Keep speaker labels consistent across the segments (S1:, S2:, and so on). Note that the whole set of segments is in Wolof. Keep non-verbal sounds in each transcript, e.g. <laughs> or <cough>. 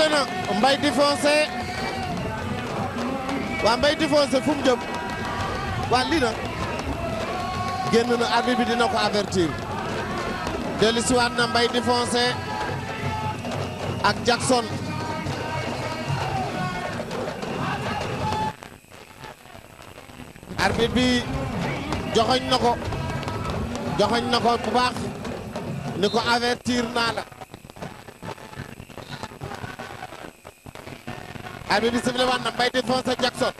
S1: digle na Mbaye Difoncé waa Mbaye Difoncé fu jëm waa lii nag génn na arbitre bi dina ko avertir dellusiwaat na Mbaye Difoncé ak Jackson arbitre bi joxoñ na ko joxoñ na ko bu baax ni ko avertir naa la arbitre bi sifflé waat na Mbaye di Fonse Jackson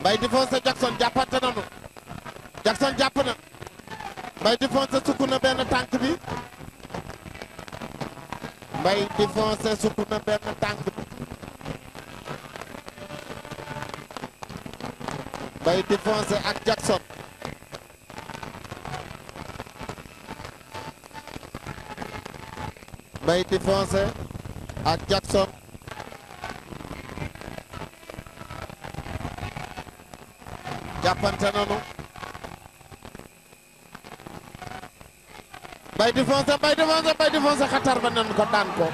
S1: Mbaye di Jackson jàppante nanu Jackson jàpp na Mbaye di sukk na benn tànk bi Mbaye di Fonse sukk na benn tànk bi Mbaye di ak Jackson Mbaye di ak Jackson jàppante nanu Mbaye défoncé Mbaye défoncé xatar ba nan ko daan ko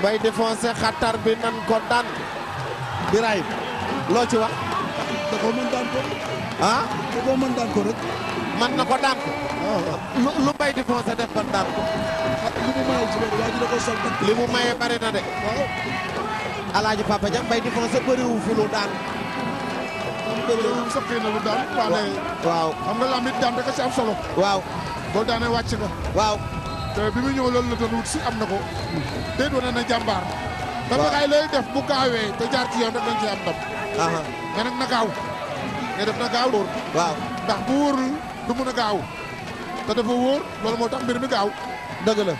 S1: Mbaye défoncé xatar bi nan ko daan Birahim loo ci wax da ah? ko daan ko rek man na ko daan lu Mbaye défoncé def ban daan ko ah, li mu maye bari na de ah. alaaji Papa Dia Mbaye bëriwu fi daan sëqi na lu daan waane waaw xam nga làmbit daan rek a ci am solo waaw boo daanee wàcc nga waaw te bi mu ñëw loolu la wut si am na ko déet wane na jàmbaar dafa ay looy def bu gaawee te jaar ci yoon rek dañ ci am ndam nga nag na gaaw nga def na gaaw wóor waaw ndax bu wóorul du mun a gaaw te dafa wóor loolu moo tax mbir mi gaaw dëgg la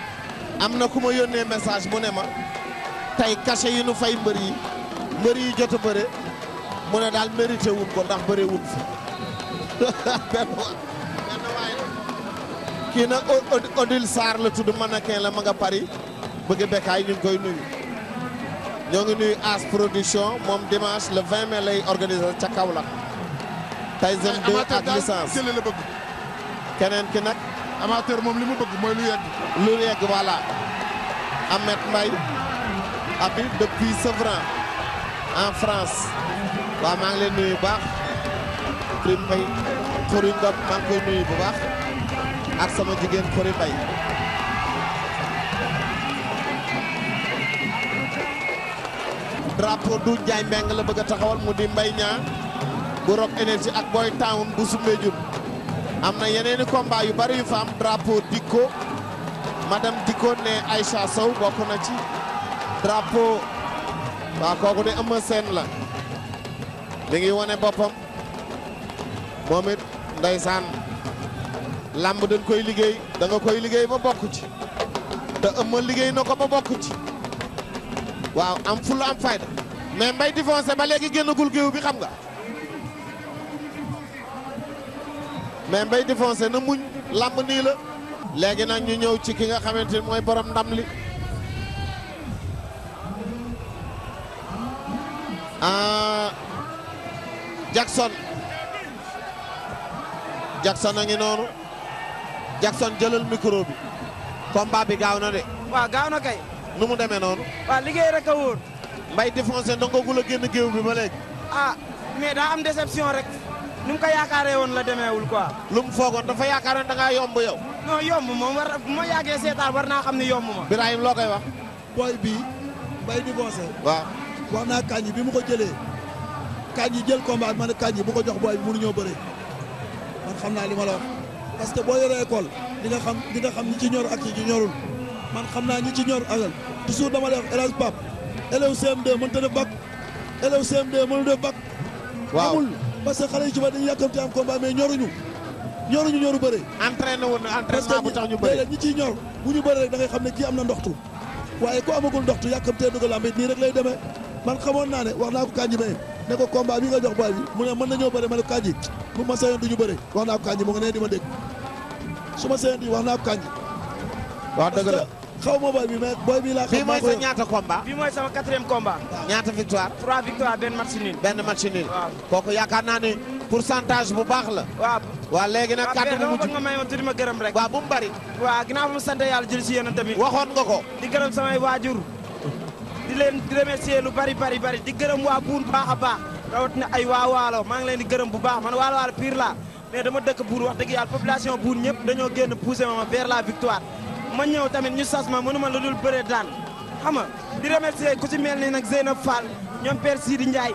S1: am na ku ma yónnee message mu ne ma tey cachet yi nu fay mbër yi mbër yi jot a bëre mu ne daal mérité wuñ ko ndax bëri wuñ fi benn benn waay la kii nag Odile Sarr la tudd mannequin la ma nga Paris bëgg bekkaay ñu ngi koy nuyu ñoo ngi nuyu As production moom dimanche le 20 mai lay organiser ca Kaolack Tyson 2 ak licence keneen ki nag amateur moom li mu bëgg mooy lu yegg lu yegg voilà Ahmed Mbaye abi depuis Sevran en France waaw maa ngi leen nuyu bu baax Fary Mbaye Fary koy nuyu bu baax ak sama jigéen Fary Mbaye drapeau du Ndiaye Mbengue la bëgg a taxawal mu di mbay ñaa bu Rock Énergie ak Boy Town bu Soumbédioune am na yeneeni combat yu bari yu fa am drapeau Dikko madame Dikko ne Aïcha Sow bokk na ci drapeau waaw kooku de Eumeu seen la mi ngi wane boppam moom it ndeysaan làmb dañ koy liggéey danga koy liggéey ba bokk ci te ëmma liggéey na ko ba bokk ci waaw am fulla am fayda mais mbay di foncé ba léegi génnagul géew bi xam nga mais mbay di na muñ làmb nii la léegi nag ñu ñëw ci ki nga xamante ni mooy borom ndam li ah. Jackson Jackson a ngi noonu Jackson jëlal micro bi combat bi gaaw na de. waaw gaaw na kay. nu mu demee noonu. waaw liggéey rek a wóor. Mbaye défoncé nangagul a génn géew bi ba léegi. ah mais daa am déception rek. ni mu ko woon la demeewul quoi. lu mu foogoon dafa yaakaaroon da ngaa yomb yow. non yomb moom ma yàggee seetaan war naa xam ne yomb ma. Birahim loo koy wax. booy bii Mbaye défoncé. waaw wax naa kañ bi mu ko jëlee. kañ yi jël combat ma ne kañ yi bu ko jox booy bi mënuñoo bëree man xam naa li ma la que boo yoree école di nga xam di nga xam ñi ci ñor ak ñi ci man xam naa ñi ci ñor agal toujours dama lay wax élève Pape élève CM2 mënut a def bac élève CM2 mënul def bac. waaw amul parce que xale yu ba dañuy yàkkamti am combat mais ñoruñu ñoruñu ñoru bëri. entraîné woon na entraînement bu tax ñu bëri parce que ciy ñor bu ñu bëri rek da ngay xam ne kii am na ndoxtu waaye ku amagul ndoxtu yàkkamtee dugal làmb nii rek lay demee man xamoon naa ne wax naa ko Kandji Mbaye ne ko combat bi nga jox baay bi mu ne mën nañoo bëre ma ne bu ma sayoon duñu wax naa ko kanji mu nga nee di ma dégg su ma sayoon wax naa ko wax dëgg la xaw ma booy bi mais booy bi laa. xam bii mooy sa ñaata combat. bii mooy sama quatrième combat. ñaata victoire. trois victoire benn match nul. benn match nul. waaw kooku yaakaar naa ne pourcentage bu baax la. waa waaw léegi nag. kàddu bu mujj nga may ma tudd ma gërëm rek. waaw bu mu bari. waaw ginnaaw bu mu sant yàlla jël si yéen tamit. waxoon nga ko. di gërëm samay waajur. di leen remercier lu bari bari bari di gërëm waa buun bu baax a baax rawatina ay waa waalo maa ngi leen di gërëm bu baax man waalo waalo pire la mais dama dëkk buun wax dëgg yàlla population buun ñëpp dañoo génn poussé ma vers la victoire ma ñëw tamit ñu sas ma mënuma lu dul bëree daan xam nga di remercier ku ci mel ni nag Zeynab Fall ñoom Père Sidi Ndiaye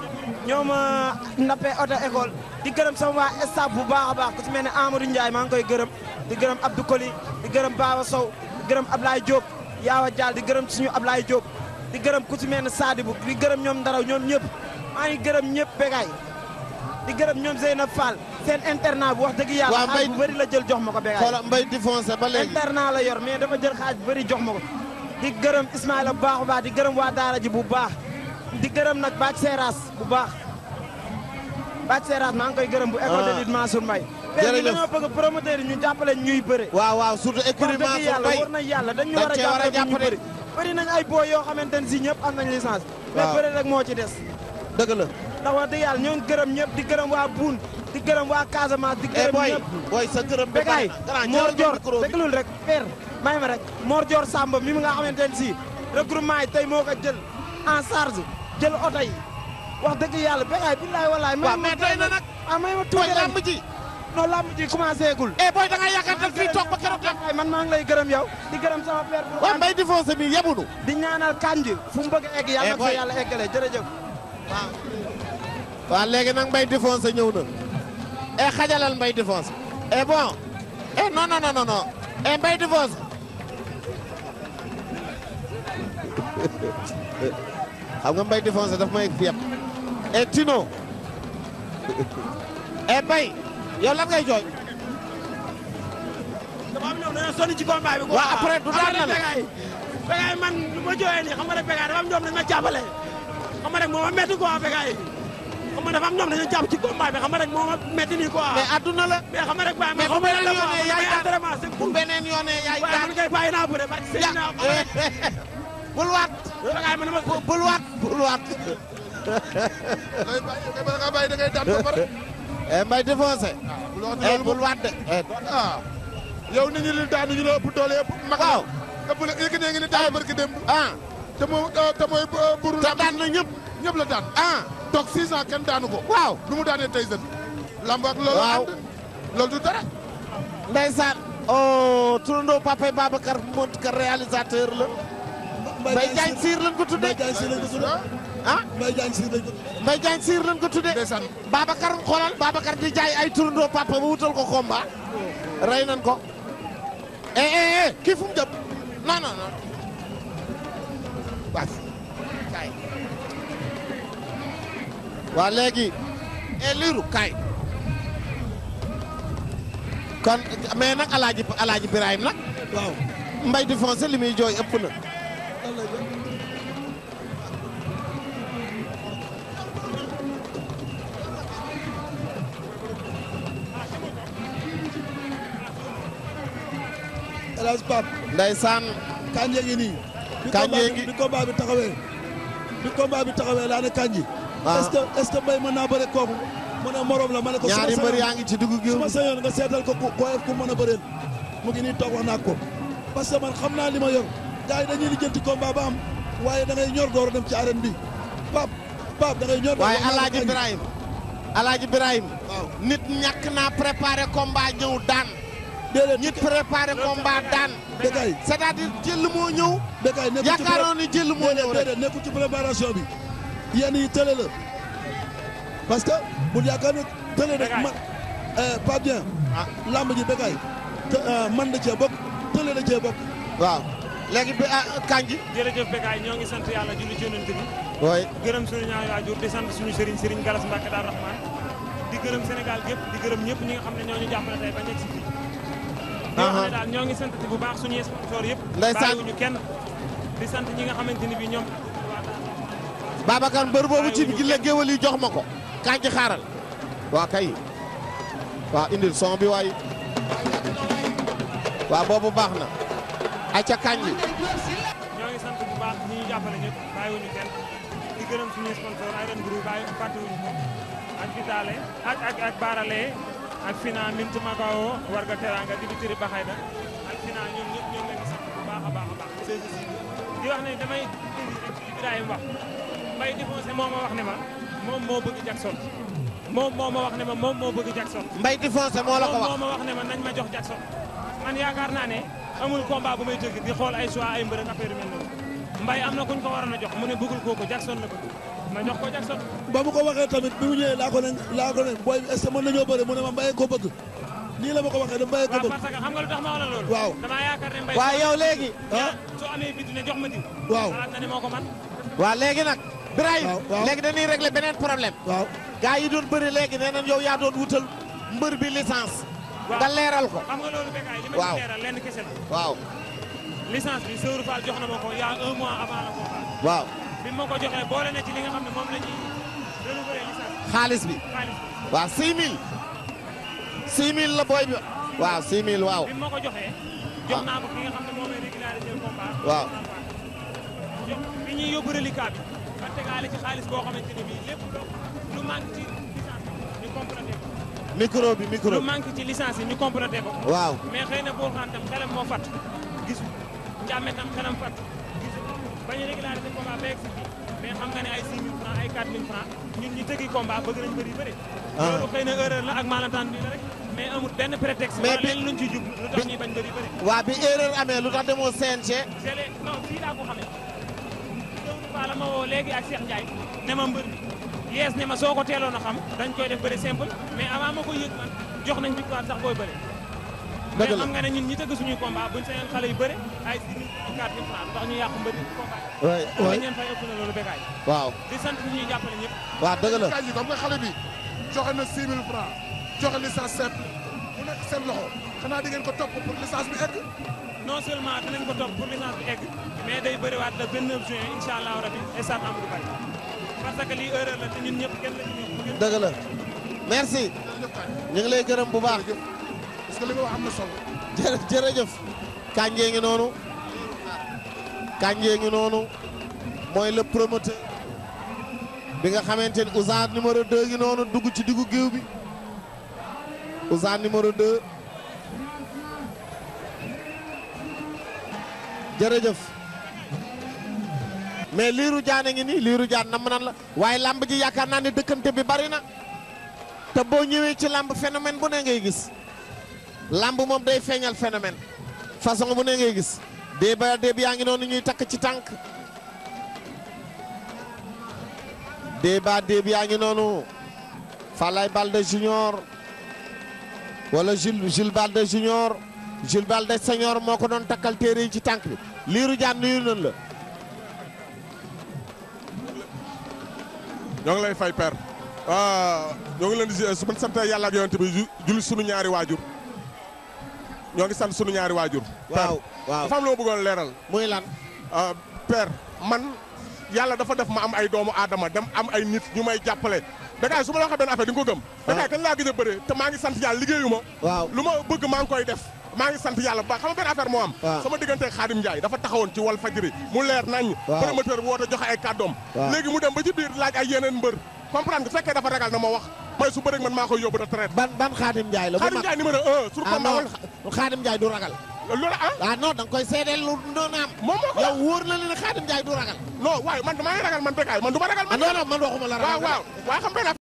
S1: ñoom euh, Ndapé auto école di gërëm sama waa staff bu baax a baax ku ci mel ni Amadou Ndiaye maa ngi koy gërëm di gërëm Abdou Koli di gërëm Baba Sow di gërëm Ablaye Diop yaawa Dial di gërëm suñu Ablaye Diop di gërëm ku ci mel ne Sadibou di gërëm ñoom Ndaraw ñoom ñëpp maa gërëm ñëpp Begaay di gërëm ñoom na Fall seen internat bu wax dëgg yàlla xaaj bu bëri la jël jox ma ko Begaay xoolal mbay di foncé ba léegi la yor mais dafa jël xaaj bu bëri jox ma ko di gërëm Ismaïla bu baax bu baax di gërëm waa daara ji bu baax di gërëm nag Bac Seras bu baax Bac Seras maa ngi koy gërëm bu école de ah. lutte Mansour Mbaye jërëjëf mais dañoo bëgg promoteur ñu jàppale ñuy bëre waaw waaw surtout écurie Mansour Mbaye war na yàlla dañu war a jàppale ñu bëre bëri nañ ay booy yoo xamante ne si ñëpp am nañ licence. waaw mais bëri rek moo ci des. dëgg la ndax wax dëgg yàlla ñoo gërëm ñëpp di gërëm waa Buun di gërëm waa Casamance di gërëm eh, ñëpp booy sa gërëm Bekay Mor Dior déglul rek père may ma rek Mor Dior Samba mi nga xamante ne si regroupement yi tey moo ko jël en charge jël oto yi wax dëgg yàlla Bekay billaay wallaay may ma tey na nag ah, may ma tuuti rek non lamb ji commencé gul. eh booy da fii toog ba keroog la. man maa ngi lay gërëm yow di gërëm sama père. waaw mbay di foncé bi yebunu. di ñaanal kanji fu mu bëgg a egg yàlla fa eh, yàlla eggale jërëjëf. mbay di foncé ñëw na. eh xajalal mbay di foncé. eh bon. eh, eh mbay di <laughs> xam nga mbay di daf may yeb. eh Tino. <laughs> Eh, yow lan ngay jooy. damaa am ñoom ci combat bi. waaw après du daan na la Bécaye man lu ma jooyee nii xam nga ne Bécaye na am ñoom ma jàppale. xam rek moo ma métti quoi Bécaye xam nga ci combat bi xam rek moo ma métti nii quoi. mais adduna la. mais xam nga rek bàyyi ma xam nga la quoi mais bu beneen yoonee yaay daan waaye man kay bàyyi naa bëre. ja eh, eh, eh. bul waat. Bécaye man ma bul waat bul waat. Eh, mbay défoncé. waaw bul wax de eh. ah. yow nit ñi li daan ñu la ëpp doole yëpp. mag waaw ëpp la yëg ne ngi ne daan barki démb. Ah. Ah, te mooy buru. te daan na ñëpp ñëpp la daanu ko. waaw nu mu daanee tey jën. lamb ak loolu. waaw loolu dara. ndeysaan. oh turandoo Pape Babacar Mbodj ka réalisateur la. Mbaye Diagne Sire lañ ko tuddee Mbaye Diagne Sire lañ ah Mbaye Diagne Siir lañ ko tuddee. Mbaye Diagne Siir lañ ko tuddee. ndeysaan Babacar xoolal Babacar di jaay ay turandoo papa ba wutal ko combat. rey nañ ko. eh eh eh, eh kii fu mu jëm waa léegi. eh kaay. kon mais nag Alaaji Alaaji Birahim nag. di foncé li muy jooy El Hadj Pape. ndeysaan. Kanji ngi nii. Kanji ngi bi combat bi taxawee. bi combat bi taxawee laa ne Kanji. waaw ah. est-ce que est naa bëre kooku. mu ne morom la ma a ko. ñaari mbër yaa ngi ci dugub gi su nga seetal ko ku koyof ku a bëreel. mu ngi nii toog wax naa ko. parce que man xam naa li ma yor. gars yi dañuy lijjanti combat ba am. waaye da ngay ñor door dem ci arène bi. Pape Pape da ngay ñor. waaye Alaaji Ibrahima Alaaji Ibrahima. waaw nit ñàkk naa préparé combat ñëw daan. ñi préparé combat daan. békay cest à jël moo ñëw. békay nekkul ci yaakaaroon ni jël moo ñëw rek nekkul ci préparation bi yéen yi tële la parce que bu yaakaar ne tële rek man pas bien.
S2: lamb ji békay euh, man da cee bokk tële da cee bokk. waaw léegi bi ah, Kandji. jërëjëf békay ñoo ngi sant yàlla julli ci yonent bi. waay gërëm suñu ñaari waajur di sant suñu sëriñ sëriñ Galas Mbacke Dar Rahman di gërëm Sénégal gépp di gërëm ñëpp ñi nga xam ne ñoo ñu jàppale ñoo ñoo ngi sant bu baax suñuy sponsor yëpp. ndeysaan bàyyiwuñu kenn di sant ñi nga xamante ni bi ñoom. Babacar mbër boobu ci gi la géwël yi jox ma ko. kañ ci xaaral.
S1: waa kay. waa indil son bi waay. waa boobu baax na. ayca kañ bi.
S2: ñoo ngi sant bu baax ñi ñu jàppale ñëpp bàyyiwuñu kenn di gërëm suñuy sponsor ay ren groupe bàyyi fàttewuñu ko ak Vitale ak ak ak Barale. alfina mintu magao warga teranga di bitiri baxayda alfina ñoom ñëpp ñoom lañu sant bu baax a baax a baax di wax ne damay indi rek ci Ibrahima wax mbay défoncé moo ma wax ne ma moom moo bëgg Jackson moom moo ma wax ne ma moom moo bëgg Jackson mbay défoncé moo la ko wax moom moo ma wax ne ma nañ ma jox Jackson man yaakaar naa ne amul combat bu may jógi di xool ay choix ay mbërëk affaire yu mel noonu mbay am na kuñ ko waroon a jox mu ne bëggul kooku Jackson la bëgg ma jox ko Jackson. ba
S1: mu ko waxee tamit bi mu ñëwee laa ko ne laa ko ne booy est ce que mu ne ma mbayee ko bëgg nii la ma ko waxee da mbayee ko bëgg. waaw parce que xam nga
S2: lu yow léegi. ah soo amee bid ne jox ma diw. waaw xalaat ne moo ko man.
S1: waaw léegi nag. Birahim léegi dañuy régler beneen problème. waaw gars yi doon bëri léegi nee nañ yow yaa doon wutal mbër bi licence. nga leeral ko.
S2: xam nga loolu bekkaay li waaw licence bi Sëwru Fall jox na ma ko y'a un mois avant la combat. waaw bi ma ko joxee boole na ci li nga xam ne moom la ñuy
S1: renouveler licence xaalis bi waaw 6000. 6000 la booy bi.
S2: waaw 6000 waaw. bi ma ko joxee. jox naa ko ki nga xam ne moom la régulariser le combat. waaw jox bi ñuy yóbbu reliquat bi. ba tegaale ci xaalis boo xamante ne ci licence bi ñu complété ko.
S1: micro lu
S2: manque ci licence ñu complété ko. waaw mais xëy na boo xam tam xelam moo fàtt càmme tam kanam fat bañu régulariser combat ba egsi mais xam nga ne ay 6 000 francs ay 4 000 francs ñun ñi tëggi combat bëgg nañ bëri bëri
S1: ah. loolu
S2: xëy na erreur la ak malentendu la rek mais amul benn prétexte mais leen luñ ci jublu lu tax ñuy bañ bëri bëri waaw bi erreur amee lu tax demoo CNG jële non fii laa ko xamee downu woo léegi ak Cheikh Ndiaye ne ma mbër bi yees ne ma soo ko teeloon a xam dañ koy def bëri simple mais avant ma koy yëg man jox mais xam nga ne ñun tëgg suñuy combat buñ sañoon xale yu bëre ay six ñu yàqu mbëri combat waay ñeen fay ëpp na loolu bekaay waaw di sant ñuy jàppale ñëpp
S1: waaw dëgg la yi xale bi joxe na six mille francs joxe licence simple mu nekk seen
S2: loxo xanaa di ko topp pour licence bi egg non seulement dinañ ko topp pour licence bi egg mais day bëriwaat le 29 juin incha allahu rabi stade Amadou Barry parce que lii erreur la te ñun ñëpp kenn la
S1: ci dëgg merci ñu ngi lay gërëm bu baax parce am na solo. jërë jërëjëf. Kange ngi noonu. Kange ngi noonu. mooy le promoteur. bi nga xamante ni Ousa numéro 2 ngi noonu dugg ci diggu géew bi. Ousa numéro 2. jërëjëf. mais liiru jaane ngi ni liiru jaan nam nan la waaye làmb ji yaakaar naa ne dëkkante bi bari na. te boo ñëwee ci làmb phénomène bu ne ngay gis. lamb moom day feeñal phénomène façon bu ne ngay gis déeb déeb yaa ngi noonu ñuy takk ci tànk déeba déeb yaa ngi noonu Falaye Balde junior wala Jules Jules Balde junior Jules Balde senior moo ko doon takkal téere yi ci tànk bi liiru jaan liiru noonu la. ñoo ngi lay fay père ah, ñoo ngi leen di su ma sant yàlla ak yonent bi julli sunu ñaari waajur. ñoo ngi sant sunu ñaari waajur. waaw waaw dafa am lu ma bëggoon leeral. muy lan. Euh, père man yàlla dafa def ma am ay doomu aadama dem am ay nit ñu may jàppale. Bécaye su ma la waxee benn affaire di nga ko gëm. Bécaye ah. kañ laa gëj a te maa ngi sant yàlla liggéeyu ma. lu ma bëgg maa ngi koy def. maa ngi sant yàlla bu baax xam nga benn affaire moo am ah. sama diggante Xaadim dafa taxawoon ci wal fajiri mu leer nañ promoteur bu woote joxe ay kàddoom léegi mu dem ba ci biir laaj ay yeneen mbër comprendre nga fekkee dafa ragal na ma wax mooy su bëreeg man maa koy yóbbu retraite. ban ban Xaadim Njaay la. bu mag Xaadim Njaay numéro un sur ah, combat. Xaadim Njaay du ragal. loolu ah. ah non da koy seedeel lu noonu yow
S2: wóor na leen ne Njaay du ragal. non waaye man damaa ragal man békaay man du ma ragal. man ah, non non man waxuma la ragal waaw waaw.